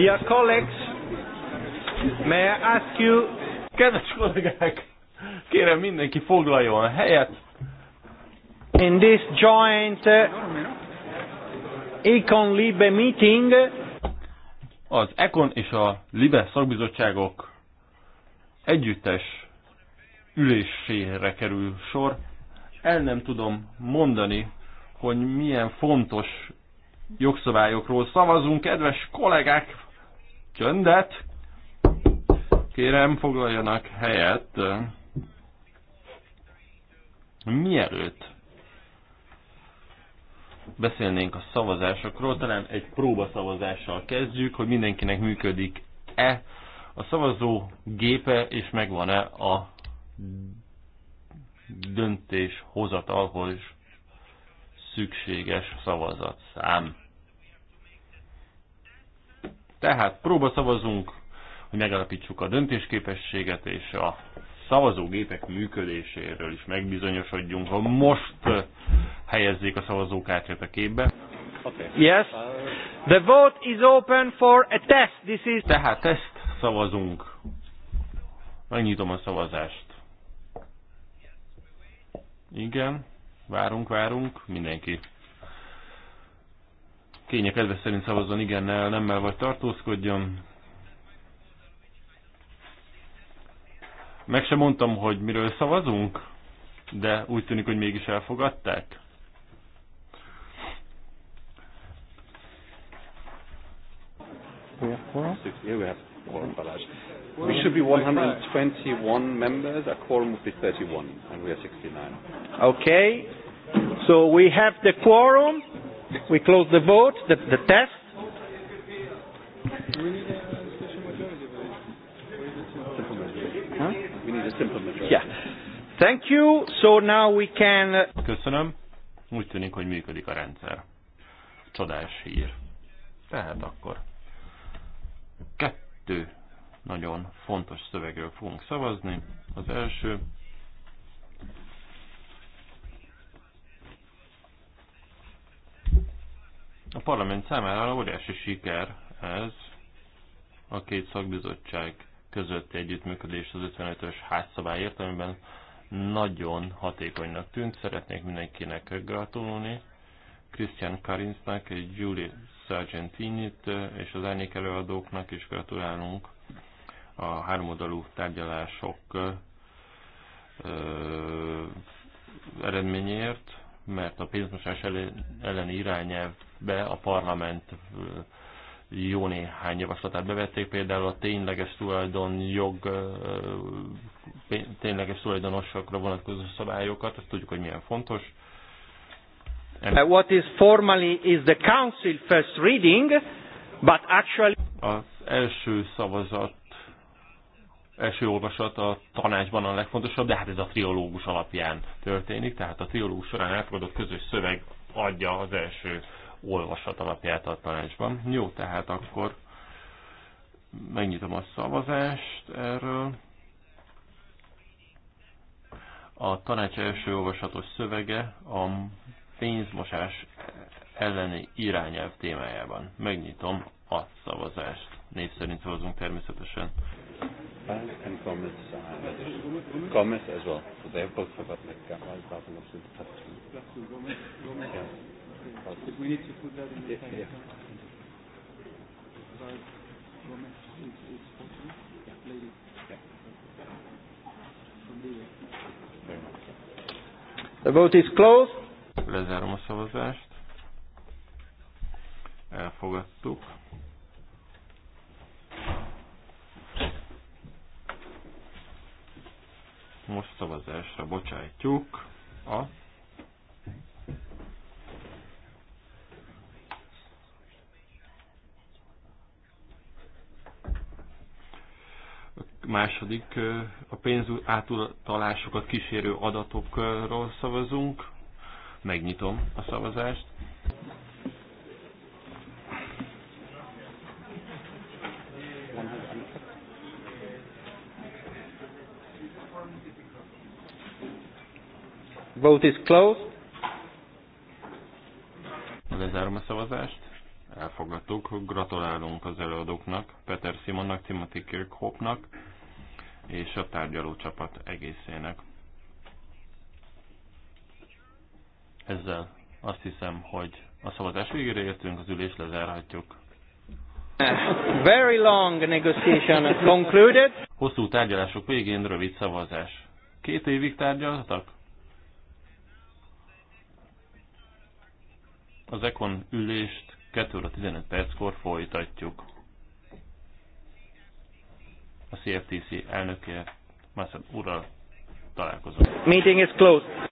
Dear colleagues, may I ask you... Kedves kollégák, kérem mindenki foglaljon a helyet. In this joint uh, Econ Libe meeting... Az Econ és a Libe szakbizottságok együttes ülésére kerül sor. El nem tudom mondani, hogy milyen fontos jogszabályokról szavazunk. Kedves kollégák, Csöndet! Kérem, foglaljanak helyet. Mielőtt beszélnénk a szavazásokról, talán egy próbaszavazással kezdjük, hogy mindenkinek működik-e a szavazó gépe, és megvan-e a döntéshozatalhoz szükséges szavazatszám. Tehát próba szavazunk, hogy megalapítsuk a döntésképességet és a szavazógépek működéséről is megbizonyosodjunk, ha most eh, helyezzék a szavazókártyát a képbe. Yes. The vote is open for a test. This is... Tehát teszt szavazunk. Megnyitom a szavazást. Igen, várunk, várunk, mindenki kények kedve szerint szavazzon igennel, nemmel vagy tartózkodjon. Meg sem mondtam, hogy miről szavazunk, de úgy tűnik, hogy mégis elfogadták. We have we have We should be 121 members, a quorum would be 31, and we are 69. Okay, so we have the quorum. We close the vote, the, the test. Yeah. Thank you. So now we can... Uh, Köszönöm. Úgy tűnik, hogy működik a rendszer. Csodás hír. Tehát akkor kettő nagyon fontos szövegről fogunk szavazni. Az első A parlament számára óriási siker ez a két szakbizottság közötti együttműködés az 55-ös házszabály értelemben nagyon hatékonynak tűnt. Szeretnék mindenkinek gratulálni. Christian Karinsnak, Julie Sargentinit és az elnék előadóknak is gratulálunk a háromoldalú tárgyalások eredményért mert a pénzmosás elleni irányelvbe a parlament jó néhány javaslatát bevették, például a tényleges tulajdon jog, tényleges tulajdonosokra vonatkozó szabályokat, ezt tudjuk, hogy milyen fontos. Uh, what is formally is the council first reading, but actually... Az első szavazat első olvasat a tanácsban a legfontosabb, de hát ez a triológus alapján történik, tehát a triológus során elfogadott közös szöveg adja az első olvasat alapját a tanácsban. Jó, tehát akkor megnyitom a szavazást erről. A tanács első olvasatos szövege a pénzmosás elleni irányelv témájában. Megnyitom a szavazást. Név szerint szavazunk természetesen. is, The vote is closed. Lezárom a szavazást. Elfogadtuk. Most szavazásra bocsájtjuk a második a pénz átutalásokat kísérő adatokról szavazunk. Megnyitom a szavazást. Vote is closed. Lezárom a szavazást. Elfogadtuk. Gratulálunk az előadóknak, Peter Simonnak, Timothy Kirkhope-nak és a tárgyaló csapat egészének. Ezzel azt hiszem, hogy a szavazás végére értünk, az ülés lezárhatjuk. Very long negotiation concluded. Hosszú tárgyalások végén rövid szavazás. Két évig tárgyaltak? Az Econ ülést 2 óra 15 perckor folytatjuk. A CFTC elnöke Mászad úrral találkozunk. Meeting is closed.